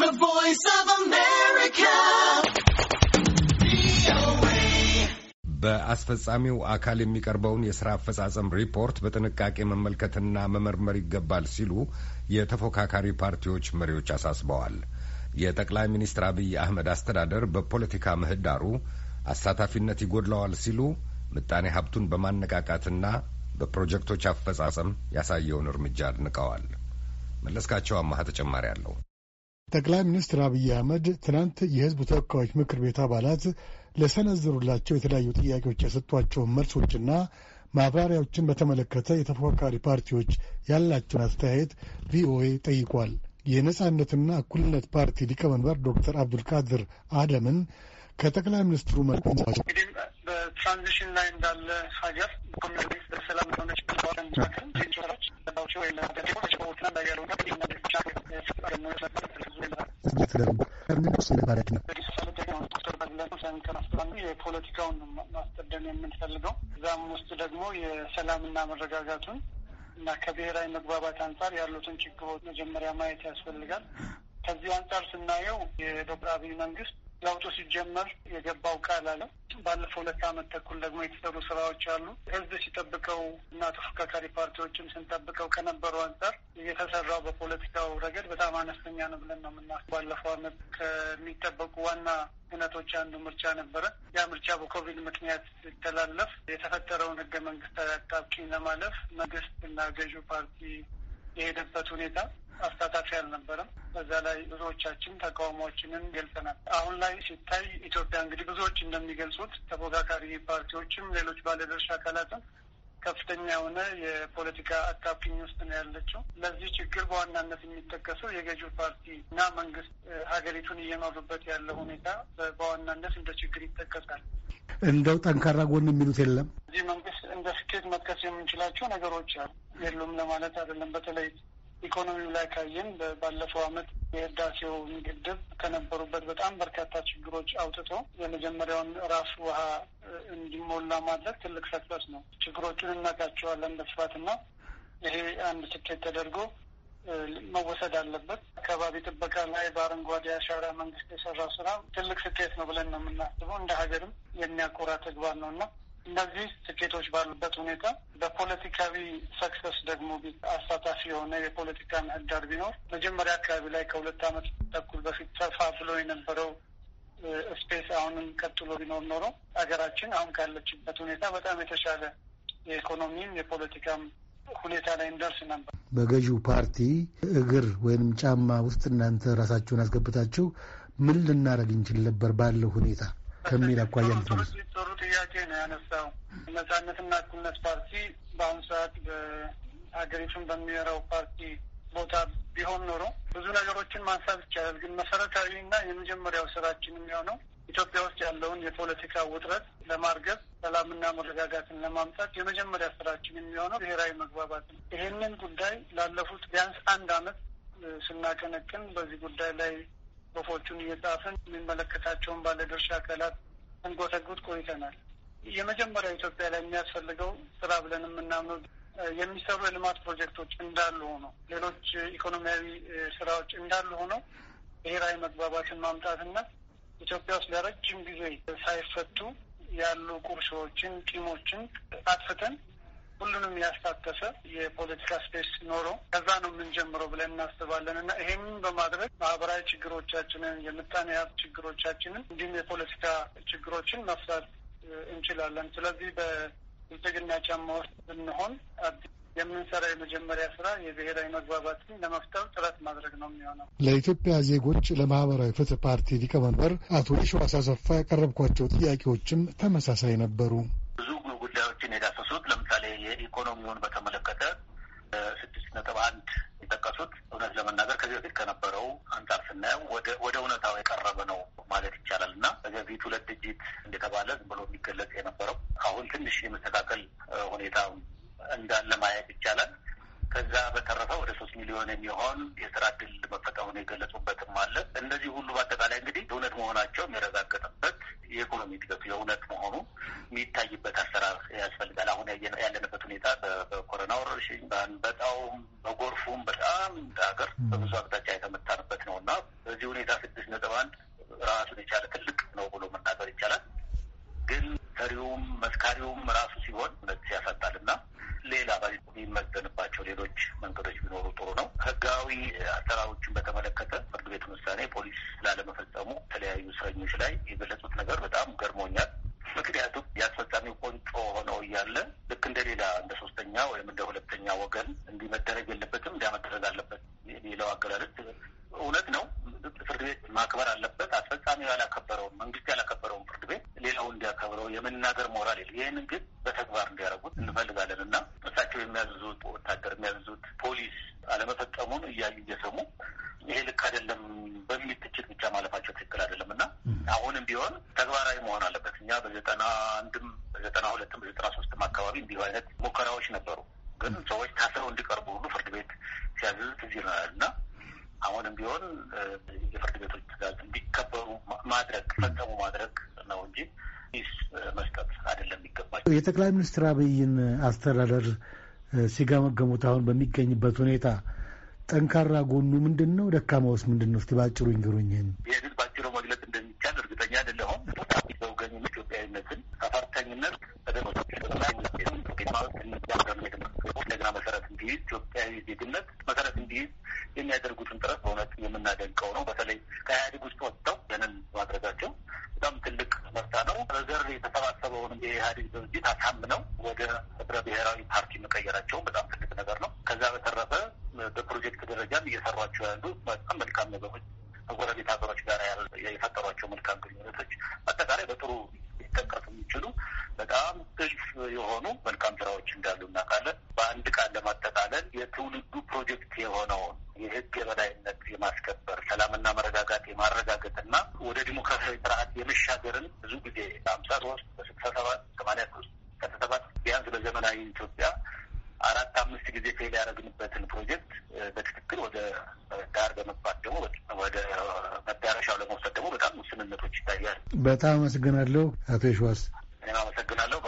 The Voice of America. በአስፈጻሚው አካል የሚቀርበውን የስራ አፈጻጸም ሪፖርት በጥንቃቄ መመልከትና መመርመር ይገባል ሲሉ የተፎካካሪ ፓርቲዎች መሪዎች አሳስበዋል። የጠቅላይ ሚኒስትር አብይ አህመድ አስተዳደር በፖለቲካ ምህዳሩ አሳታፊነት ይጎድለዋል ሲሉ ምጣኔ ሀብቱን በማነቃቃትና በፕሮጀክቶች አፈጻጸም ያሳየውን እርምጃ አድንቀዋል። መለስካቸው አማሃ ተጨማሪ አለው። ጠቅላይ ሚኒስትር አብይ አህመድ ትናንት የህዝቡ ተወካዮች ምክር ቤት አባላት ለሰነዘሩላቸው የተለያዩ ጥያቄዎች የሰጧቸውን መልሶችና ማብራሪያዎችን በተመለከተ የተፎካካሪ ፓርቲዎች ያላቸውን አስተያየት ቪኦኤ ጠይቋል። የነጻነትና እኩልነት ፓርቲ ሊቀመንበር ዶክተር አብዱልቃድር አደምን ከጠቅላይ ሚኒስትሩ መልኩ እንግዲህ በትራንዚሽን ላይ እንዳለ ሀገር ኢኮኖሚ በሰላም ሆነች ተደርጓል። እርምጃውስ እንዴት ነው? የፖለቲካውን ማስቀደም የምንፈልገው እዛም ውስጥ ደግሞ የሰላምና መረጋጋቱን እና ከብሔራዊ መግባባት አንጻር ያሉትን ችግሮች መጀመሪያ ማየት ያስፈልጋል። ከዚህ አንጻር ስናየው የዶክተር አብይ መንግስት ለውጡ ሲጀመር የገባው ቃል አለ። ባለፈው ሁለት አመት ተኩል ደግሞ የተሰሩ ስራዎች አሉ። ህዝብ ሲጠብቀው እና ተፎካካሪ ፓርቲዎችም ስንጠብቀው ከነበሩ አንጻር የተሰራው በፖለቲካው ረገድ በጣም አነስተኛ ነው ብለን ነው የምናስ ባለፈው አመት ከሚጠበቁ ዋና እውነቶች አንዱ ምርጫ ነበረ። ያ ምርጫ በኮቪድ ምክንያት ሲተላለፍ የተፈጠረውን ህገ መንግስታዊ አጣብቂኝ ለማለፍ መንግስት እና ገዢው ፓርቲ የሄደበት ሁኔታ አሳታፊ አልነበረም። በዛ ላይ ብዙዎቻችን ተቃውሞዎችንን ገልጸናል። አሁን ላይ ሲታይ ኢትዮጵያ እንግዲህ ብዙዎች እንደሚገልጹት ተፎካካሪ ፓርቲዎችም ሌሎች ባለድርሻ አካላትም ከፍተኛ የሆነ የፖለቲካ አጣብቂኝ ውስጥ ነው ያለችው። ለዚህ ችግር በዋናነት የሚጠቀሰው የገዢው ፓርቲ እና መንግስት ሀገሪቱን እየመሩበት ያለው ሁኔታ በዋናነት እንደ ችግር ይጠቀሳል። እንደው ጠንካራ ጎን የሚሉት የለም። እዚህ መንግስት እንደ ስኬት መጥቀስ የምንችላቸው ነገሮች አሉ የሉም ለማለት አይደለም። በተለይ ኢኮኖሚው ላይ ካየን ባለፈው አመት የህዳሴውን ግድብ ከነበሩበት በጣም በርካታ ችግሮች አውጥቶ የመጀመሪያውን ራስ ውሃ እንዲሞላ ማድረግ ትልቅ ሰክሰስ ነው። ችግሮቹን እናውቃቸዋለን በስፋትና ይሄ አንድ ስኬት ተደርጎ መወሰድ አለበት። አካባቢ ጥበቃ ላይ በአረንጓዴ አሻራ መንግስት የሰራው ስራ ትልቅ ስኬት ነው ብለን ነው የምናስበው። እንደ ሀገርም የሚያኮራ ተግባር ነው እና እነዚህ ስኬቶች ባሉበት ሁኔታ በፖለቲካዊ ሰክሰስ ደግሞ አሳታፊ የሆነ የፖለቲካ ምህዳር ቢኖር መጀመሪያ አካባቢ ላይ ከሁለት ዓመት ተኩል በፊት ሰፋ ብሎ የነበረው ስፔስ አሁንም ቀጥሎ ቢኖር ኖሮ ሀገራችን አሁን ካለችበት ሁኔታ በጣም የተሻለ የኢኮኖሚም የፖለቲካም ሁኔታ ላይ እንደርስ ነበር። በገዢው ፓርቲ እግር ወይም ጫማ ውስጥ እናንተ ራሳችሁን አስገብታችሁ ምን ልናደርግ እንችል ነበር ባለው ሁኔታ ከሚል አኳያ ምትነ ጥሩ ጥያቄ ነው ያነሳው። ነጻነትና እኩልነት ፓርቲ በአሁኑ ሰዓት በሀገሪቱን በሚመራው ፓርቲ ቦታ ቢሆን ኖሮ ብዙ ነገሮችን ማንሳት ይቻላል። ግን መሰረታዊ እና የመጀመሪያው ስራችን የሚሆነው ኢትዮጵያ ውስጥ ያለውን የፖለቲካ ውጥረት ለማርገብ ሰላምና መረጋጋትን ለማምጣት የመጀመሪያ ስራችን የሚሆነው ብሔራዊ መግባባት ነው። ይሄንን ጉዳይ ላለፉት ቢያንስ አንድ ዓመት ስናቀነቅን በዚህ ጉዳይ ላይ ጽሁፎቹን እየጻፍን የሚመለከታቸውን ባለድርሻ አካላት እንጎተጉት ቆይተናል። የመጀመሪያው ኢትዮጵያ ላይ የሚያስፈልገው ስራ ብለን የምናምነው የሚሰሩ የልማት ፕሮጀክቶች እንዳሉ ሆኖ ሌሎች ኢኮኖሚያዊ ስራዎች እንዳሉ ሆነው ብሔራዊ መግባባትን ማምጣትና ኢትዮጵያ ውስጥ ለረጅም ጊዜ ሳይፈቱ ያሉ ቁርሾዎችን፣ ቂሞችን አጥፍተን ሁሉንም ያሳተፈ የፖለቲካ ስፔስ ኖሮ ከዛ ነው የምንጀምረው ብለን እናስባለን እና ይሄንን በማድረግ ማህበራዊ ችግሮቻችንን፣ የምጣኔ ሀብት ችግሮቻችንን እንዲሁም የፖለቲካ ችግሮችን መፍታት እንችላለን። ስለዚህ በብልጽግና ጫማ ውስጥ ብንሆን የምንሰራ የመጀመሪያ ስራ የብሔራዊ መግባባትን ለመፍጠር ጥረት ማድረግ ነው የሚሆነው። ለኢትዮጵያ ዜጎች ለማህበራዊ ፍትህ ፓርቲ ሊቀመንበር አቶ የሺዋስ አሰፋ ያቀረብኳቸው ጥያቄዎችም ተመሳሳይ ነበሩ። ብዙ ጉዳዮችን የዳሰሱት ለምሳሌ የኢኮኖሚውን በተመለከተ ስድስት ነጥብ አንድ የጠቀሱት እውነት ለመናገር ከዚህ በፊት ከነበረው አንጻር ስናየው ወደ እውነታው የቀረበ ነው ማለት ይቻላል እና ከዚህ በፊት ሁለት ድጅት እንደተባለ ዝም ብሎ የሚገለጽ የነበረው አሁን ትንሽ የመስተካከል ሁኔታ እንዳለ ማየት ይቻላል። ከዛ በተረፈ ወደ ሶስት ሚሊዮን የሚሆን የስራ እድል መፈጠሩን የገለጹበትም አለ። እነዚህ ሁሉ በአጠቃላይ እንግዲህ እውነት መሆናቸው የሚረጋገጥበት የኢኮኖሚ እድገቱ የእውነት መሆኑ የሚታይበት አሰራር ያስፈልጋል። አሁን ያለንበት ሁኔታ በኮሮና ወረርሽኝ፣ በአንበጣውም፣ በጎርፉም በጣም ሀገር በብዙ አቅጣጫ የተመታንበት ነው እና በዚህ ሁኔታ ስድስት ነጥብ አንድ ራሱን የቻለ ትልቅ ነው ብሎ መናገር ይቻላል። ግን ሰሪውም መስካሪውም ራሱ ፊልሞች ላይ የገለጹት ነገር በጣም ገርሞኛል። ምክንያቱም የአስፈጻሚው ቆንጮ ሆነው እያለ ልክ እንደ ሌላ እንደ ሶስተኛ ወይም እንደ ሁለተኛ ወገን እንዲህ መደረግ የለበትም እንዲያ መደረግ አለበት የሚለው አገላለጽ እውነት ነው። ፍርድ ቤት ማክበር አለበት። አስፈጻሚው ያላከበረውን መንግስት ያላከበረውን ፍርድ ቤት ሌላው እንዲያከብረው የመናገር ሞራል የለ። ይህንን ግን በተግባር እንዲያደርጉት እንፈልጋለን እና እሳቸው የሚያዝዙት ወታደር የሚያዝዙት ፖሊስ አለመፈጸሙን እያዩ እየሰሙ ይሄ ልክ አይደለም ቢሆን ተግባራዊ መሆን አለበት። እኛ በዘጠና አንድም በዘጠና ሁለትም በዘጠና ሶስትም አካባቢ እንዲሁ አይነት ሙከራዎች ነበሩ። ግን ሰዎች ታስረው እንዲቀርቡ ሁሉ ፍርድ ቤት ሲያዝዝ ትዝ ይለናል እና አሁንም ቢሆን የፍርድ ቤቶች ትዕዛዝ እንዲከበሩ ማድረግ ፈጸሙ ማድረግ ነው እንጂ ስ መስጠት አይደለም የሚገባቸው። የጠቅላይ ሚኒስትር አብይን አስተዳደር ሲገመገሙት አሁን በሚገኝበት ሁኔታ ጠንካራ ጎኑ ምንድን ነው? ደካማውስ ምንድን ነው? እስቲ ባጭሩ ይንገሩኝ። ኢትዮጵያዊነትን አፋርታኝነት እንደገና መሰረት እንዲይዝ ኢትዮጵያዊ ዜግነት መሰረት እንዲይዝ የሚያደርጉትን ጥረት በእውነት የምናደንቀው ነው። በተለይ ከኢህአዴግ ውስጥ ወጥተው ያንን ማድረጋቸው በጣም ትልቅ መርታ ነው። በዘር የተሰባሰበውን የኢህአዴግ ድርጅት አሳምነው ወደ ህብረ ብሔራዊ ፓርቲ መቀየራቸውን በጣም ትልቅ ነገር ነው። ከዛ በተረፈ በፕሮጀክት ደረጃም እየሰሯቸው ያሉ በጣም መልካም ነገሮች ከጎረቤት ሀገሮች ጋር የፈጠሯቸው መልካም ግንኙነቶች አጠቃላይ በጥሩ የሚችሉ በጣም እልፍ የሆኑ መልካም ስራዎች እንዳሉ እናውቃለን። በአንድ ቃል ለማጠቃለል የትውልዱ ፕሮጀክት የሆነውን የህግ የበላይነት የማስከበር ሰላምና መረጋጋት የማረጋገጥና ወደ ዲሞክራሲያዊ ስርዓት የመሻገርን ብዙ ጊዜ በአምሳ ሶስት በስልሳ ሰባት ሰማንያ ሶስት ከሰባት ቢያንስ በዘመናዊ ኢትዮጵያ አራት አምስት ጊዜ ፌል ያደረግንበትን ፕሮጀክት በትክክል ወደ ዳር በመግባት ደግሞ ወደ መዳረሻው ለመውሰድ ደግሞ በጣም ውስንነቶች ይታያል። በጣም አመሰግናለሁ አቶ ሸዋስ። እኔም አመሰግናለሁ።